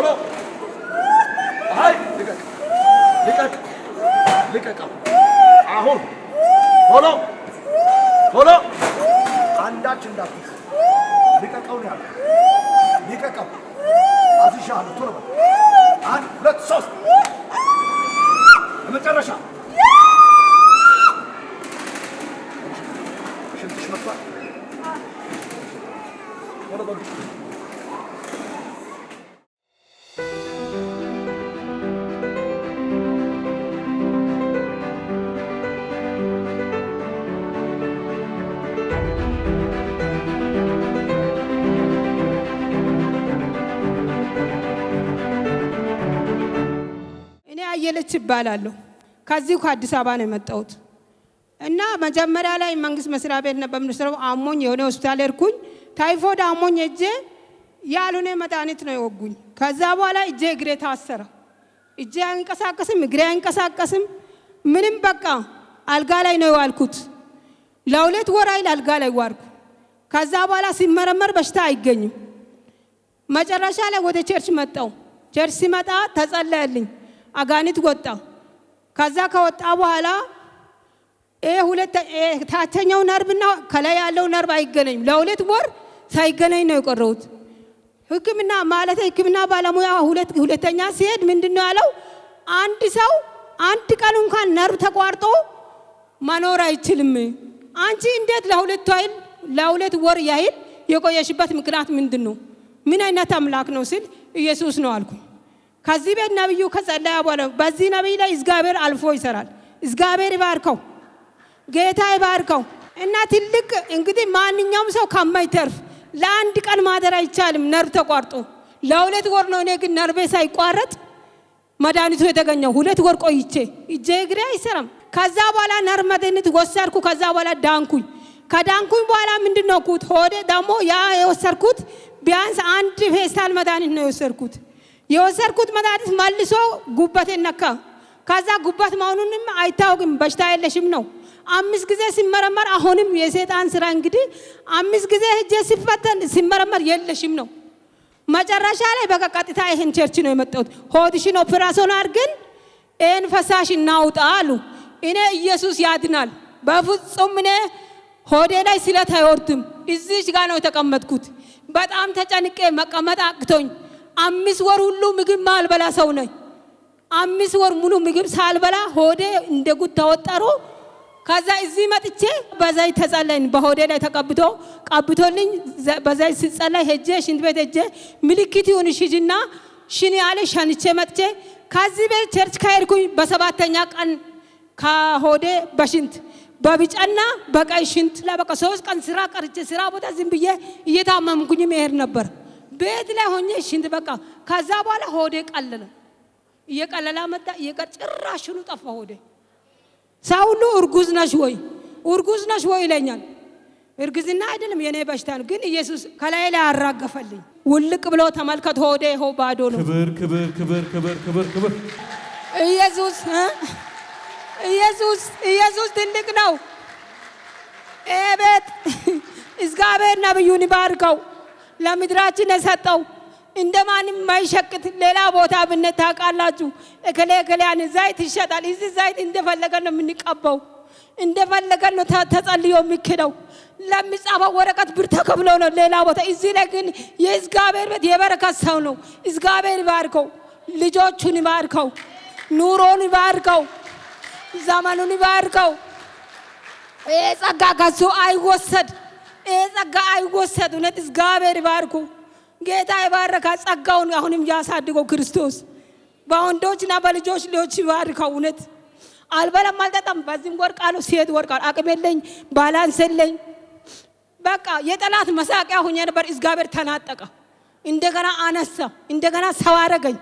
ቶሎ አይ ልቀቅ ልቀቅ ልቀቀው አሁን ቶሎ ቶሎ አንዳች እንዳትስ ልቀቀው ነው ያልኩት። ልቀቀው አዝሻለሁ። ቶሎ አንድ ሁለት ሶስት ጌች ይባላለሁ። ከዚሁ ከአዲስ አበባ ነው የመጣሁት እና መጀመሪያ ላይ መንግስት መስሪያ ቤት ነበር አሞኝ የሆነ ሆስፒታል ሄድኩኝ። ታይፎድ አሞኝ እጄ ያልሆነ መድኃኒት ነው የወጉኝ። ከዛ በኋላ እጄ እግሬ ታሰረ። እጄ አይንቀሳቀስም፣ እግሬ አይንቀሳቀስም። ምንም በቃ አልጋ ላይ ነው የዋልኩት። ለሁለት ወር አይል አልጋ ላይ ዋልኩ። ከዛ በኋላ ሲመረመር በሽታ አይገኝም። መጨረሻ ላይ ወደ ቸርች መጣው። ቸርች ሲመጣ ተጸለየልኝ። አጋንንት ወጣ። ከዛ ከወጣ በኋላ ታችኛው ነርብና ከላይ ያለው ነርብ አይገናኝም። ለሁለት ወር ሳይገናኝ ነው የቆረሁት። ሕክምና ማለት ሕክምና ባለሙያ ሁለተኛ ሲሄድ ምንድን ነው ያለው? አንድ ሰው አንድ ቀን እንኳን ነርብ ተቋርጦ መኖር አይችልም። አንቺ እንዴት ለሁለት ወይ ለሁለት ወር ያህል የቆየሽበት ምክንያት ምንድን ነው? ምን አይነት አምላክ ነው ስል ኢየሱስ ነው አልኩ። ከዚህ ቤት ነብዩ ከጸለያ በኋላ በዚህ ነቢይ ላይ እግዚአብሔር አልፎ ይሰራል። እግዚአብሔር ይባርከው፣ ጌታ ይባርከው እና ትልቅ እንግዲህ ማንኛውም ሰው ከማይተርፍ ለአንድ ቀን ማደር አይቻልም፣ ነርቭ ተቋርጦ ለሁለት ወር ነው። እኔ ግን ነርቤ ሳይቋረጥ መድኃኒቱ የተገኘው ሁለት ወር ቆይቼ እጄ እግሬ አይሰራም። ከዛ በኋላ ነር መድኃኒት ወሰድኩ። ከዛ በኋላ ዳንኩኝ። ከዳንኩኝ በኋላ ምንድን ነው ኩት ሆዴ ደግሞ ያ የወሰድኩት ቢያንስ አንድ ፌስታል መድኃኒት ነው የወሰድኩት የወሰድኩት መድኃኒት መልሶ ጉበቴን ነካ። ከዛ ጉበት መሆኑንም አይታወቅም። በሽታ የለሽም ነው። አምስት ጊዜ ሲመረመር አሁንም የሴጣን ስራ እንግዲህ አምስት ጊዜ ሄጄ ሲፈተን ሲመረመር የለሽም ነው። መጨረሻ ላይ በቃ ቀጥታ ይህን ቸርች ነው የመጣሁት። ሆድሽን ኦፕራሲዮን አድርገን ይህን ፈሳሽ እናውጣ አሉ። እኔ ኢየሱስ ያድናል። በፍጹም እኔ ሆዴ ላይ ስለት አይወርድም። እዚች ጋር ነው የተቀመጥኩት። በጣም ተጨንቄ መቀመጥ አቅቶኝ አምስት ወር ሁሉ ምግብ ማልበላ ሰው ነኝ። አምስት ወር ሙሉ ምግብ ሳልበላ ሆዴ እንደ ጉድ ተወጠሩ። ከዛ እዚህ መጥቼ በዛይ ተጸለይን በሆዴ ላይ ተቀብቶ ቀብቶልኝ በዛይ ስጸለይ ሄጄ ሽንት ቤት ሄጄ ምልክት ይሁን ሽጅና ሽኒ አለ ሸንቼ መጥቼ ከዚህ ቤት ቸርች ከሄድኩኝ በሰባተኛ ቀን ከሆዴ በሽንት በቢጫና በቀይ ሽንት ላይ በቃ ሶስት ቀን ስራ ቀርቼ ስራ ቦታ ዝም ብዬ እየታመምኩኝ መሄድ ነበር። ቤት ላይ ሆኜ ሽንት በቃ። ከዛ በኋላ ሆዴ ቀለለ፣ እየቀለላ መጣ። ጭራሽኑ ጠፋ ሆዴ። ሰው ሁሉ እርጉዝ ነሽ ወይ እርጉዝ ነሽ ወይ ይለኛል። እርግዝና አይደለም የኔ በሽታ ነው፣ ግን ኢየሱስ ከላይ ላይ አራገፈልኝ። ውልቅ ብሎ ተመልከት፣ ሆዴ ይኸው ባዶ ነው። ክብር ክብር ክብር ክብር ክብር ክብር። ኢየሱስ ኢየሱስ ኢየሱስ ትልቅ ነው። ኤቤት እግዚአብሔር ነብዩን ይባርከው። ለምድራችን የሰጠው እንደማን የማይሸቅት ሌላ ቦታ ብነ ታውቃላችሁ። እከሌ እከሌያን ዘይት ይሸጣል። እዚህ ዘይት እንደፈለገ ነው የምንቀባው፣ እንደፈለገ ነው ተጸልዮ የሚክደው። ለሚጻፈው ወረቀት ብር ተከፍሎ ነው ሌላ ቦታ። እዚህ ላይ ግን የእግዚአብሔር ቤት የበረከት ሰው ነው። እግዚአብሔር ይባርከው፣ ልጆቹን ይባርከው፣ ኑሮን ይባርከው፣ ዘመኑን ይባርከው። ይህ ጸጋ ከሱ አይወሰድ። ይሄ ጸጋ አይወሰድ። እውነት እግዚአብሔር ይባርኩ። ጌታ ይባረካ። ጸጋውን አሁንም ያሳድገው ክርስቶስ በወንዶችና በልጆች ልጆች ይባርከው። እውነት አልበላም አልጠጣም። በዚህም ወርቃለሁ፣ ሴት ወርቃለሁ። አቅሜለኝ ባላንስለኝ በቃ የጠላት መሳቂያ ሆኜ ነበር። እግዚአብሔር ተናጠቀ። እንደገና አነሳ፣ እንደገና ሰው አረገኝ።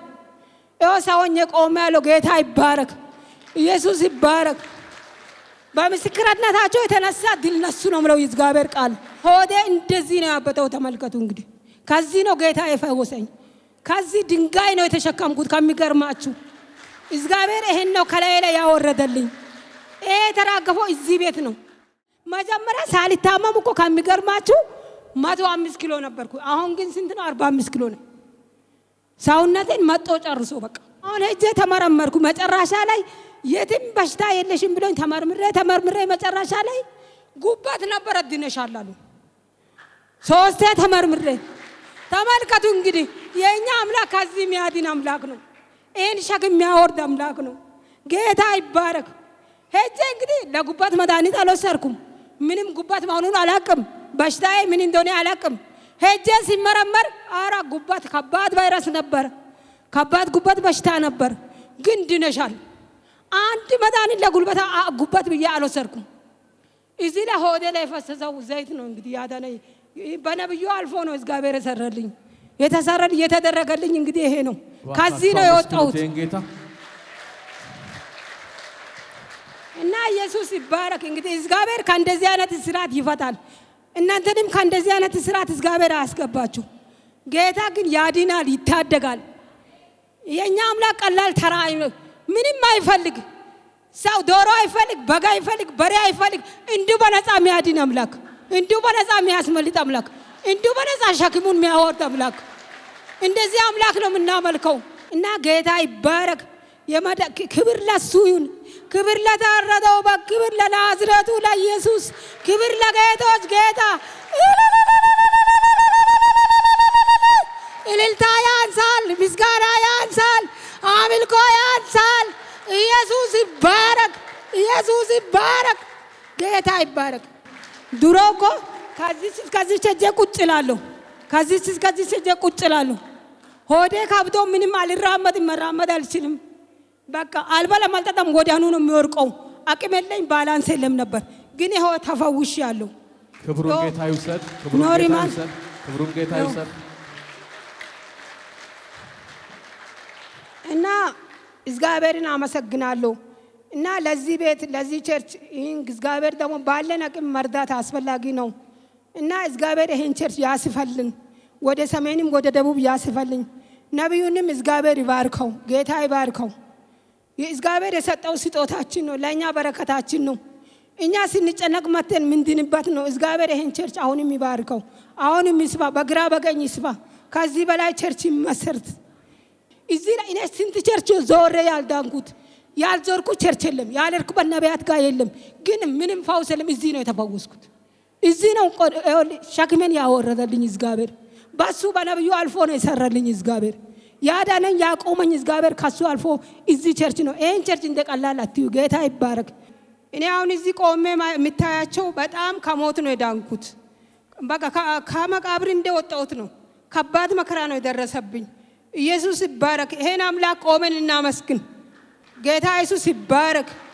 ይኸው ሰው ሆኜ ያለው ጌታ ይባረክ፣ ኢየሱስ ይባረክ። በምስክርነታቸው የተነሳ ድል ነሱ ነው ምለው የእግዚአብሔር ቃል ሆዴ እንደዚህ ነው ያበጠው። ተመልከቱ እንግዲህ ከዚህ ነው ጌታ የፈወሰኝ። ከዚህ ድንጋይ ነው የተሸከምኩት። ከሚገርማችሁ እግዚአብሔር ይሄን ነው ከላይ ላይ ያወረደልኝ። ይሄ የተራገፈው እዚህ ቤት ነው። መጀመሪያ ሳልታመም እኮ ከሚገርማችሁ መቶ አምስት ኪሎ ነበርኩ። አሁን ግን ስንት ነው? አርባ አምስት ኪሎ ነው። ሰውነቴን መጦ ጨርሶ በቃ አሁን እጄ ተመረመርኩ። መጨረሻ ላይ የትም በሽታ የለሽም ብሎኝ ተመርምሬ ተመርምሬ መጨረሻ ላይ ጉበት ነበረ ድነሻል አሉ። ሶስቴ ተመርምሬ ተመልከቱ እንግዲህ የእኛ አምላክ ከዚህ የሚያድን አምላክ ነው። ይህን ሸክም የሚያወርድ አምላክ ነው። ጌታ ይባረክ። ሄጄ እንግዲህ ለጉበት መድኃኒት አልወሰድኩም። ምንም ጉበት መሆኑን አላቅም። በሽታዬ ምን እንደሆነ አላቅም። ሄጄ ሲመረመር አራ ጉበት ከባድ ቫይረስ ነበር። ከባድ ጉበት በሽታ ነበር፣ ግን ድነሻል። አንድ መድኃኒት ለጉልበት ጉበት ብዬ አልወሰድኩም። እዚህ ለሆዴ ላይ የፈሰሰው ዘይት ነው እንግዲህ ያዳነኝ። በነብዩ አልፎ ነው እግዚአብሔር የሰረልኝ የተሰረል እየተደረገልኝ እንግዲህ ይሄ ነው። ከዚህ ነው የወጣሁት እና ኢየሱስ ይባረክ። እንግዲህ እግዚአብሔር ከእንደዚህ አይነት ስርዓት ይፈታል። እናንተንም ከእንደዚህ አይነት ስርዓት እግዚአብሔር አያስገባችሁ። ጌታ ግን ያድናል፣ ይታደጋል። የእኛ አምላክ ቀላል ተራ ምንም አይፈልግ። ሰው ዶሮ አይፈልግ፣ በጋ አይፈልግ፣ በሬ አይፈልግ። እንዲሁ በነፃ የሚያድን አምላክ፣ እንዲሁ በነፃ የሚያስመልጥ አምላክ፣ እንዲሁ በነፃ ሸክሙን የሚያወርድ አምላክ፣ እንደዚህ አምላክ ነው የምናመልከው እና ጌታ ይባረክ። ክብር ለሱ ይሁን። ክብር ለታረደው በግ፣ ክብር ለናዝረቱ ለኢየሱስ፣ ክብር ለጌቶች ጌታ ኢየሱስ ይባረክ፣ ጌታ ይባረክ። ድሮ እኮ ከዚህ ከዚህ ሸጄ ቁጭ እላለሁ፣ ከዚህ ከዚህ ሸጄ ቁጭ እላለሁ። ሆዴ ካብዶ ምንም አልራመድ መራመድ አልችልም። በቃ አልበላም፣ አልጠጣም፣ ወዲያኑ ነው የሚወርቀው። አቅም የለኝ ባላንስ የለም ነበር፣ ግን ይኸው ተፈውሽ ያለው ክብሩን ጌታ ይውሰድ፣ ክብሩን ጌታ ይውሰድ። እና እግዚአብሔርን አመሰግናለሁ። እና ለዚህ ቤት ለዚህ ቸርች ይህን እግዚአብሔር ደግሞ ባለን አቅም መርዳት አስፈላጊ ነው እና እግዚአብሔር ይህን ቸርች ያስፈልን ወደ ሰሜንም ወደ ደቡብ ያስፈልኝ። ነቢዩንም እግዚአብሔር ይባርከው፣ ጌታ ይባርከው። እግዚአብሔር የሰጠው ስጦታችን ነው፣ ለእኛ በረከታችን ነው። እኛ ስንጨነቅ መተን ምንድንበት ነው። እግዚአብሔር ይህን ቸርች አሁንም ይባርከው፣ አሁንም ይስፋ፣ በግራ በቀኝ ይስፋ። ከዚህ በላይ ቸርች ይመሰርት። እዚህ እኔ ስንት ቸርች ዞሬ ያልዳንኩት ያልዞርኩ ቸርች የለም፣ ያልሄድኩበት በነቢያት ጋር የለም። ግን ምንም ፋውስ የለም። እዚህ ነው የተፈወስኩት። እዚህ ነው ሸክሜን ያወረደልኝ እግዚአብሔር። በሱ በነብዩ አልፎ ነው የሰራልኝ እግዚአብሔር። ያዳነኝ ያቆመኝ እግዚአብሔር ከሱ አልፎ እዚህ ቸርች ነው። ይህን ቸርች እንደቀላል አትዩ። ጌታ ይባረክ። እኔ አሁን እዚህ ቆሜ የምታያቸው በጣም ከሞት ነው የዳንኩት። በቃ ከመቃብር እንደወጣሁት ነው። ከባድ መከራ ነው የደረሰብኝ። ኢየሱስ ይባረክ። ይሄን አምላክ ቆመን እናመስግን። Get high, Susie Burke.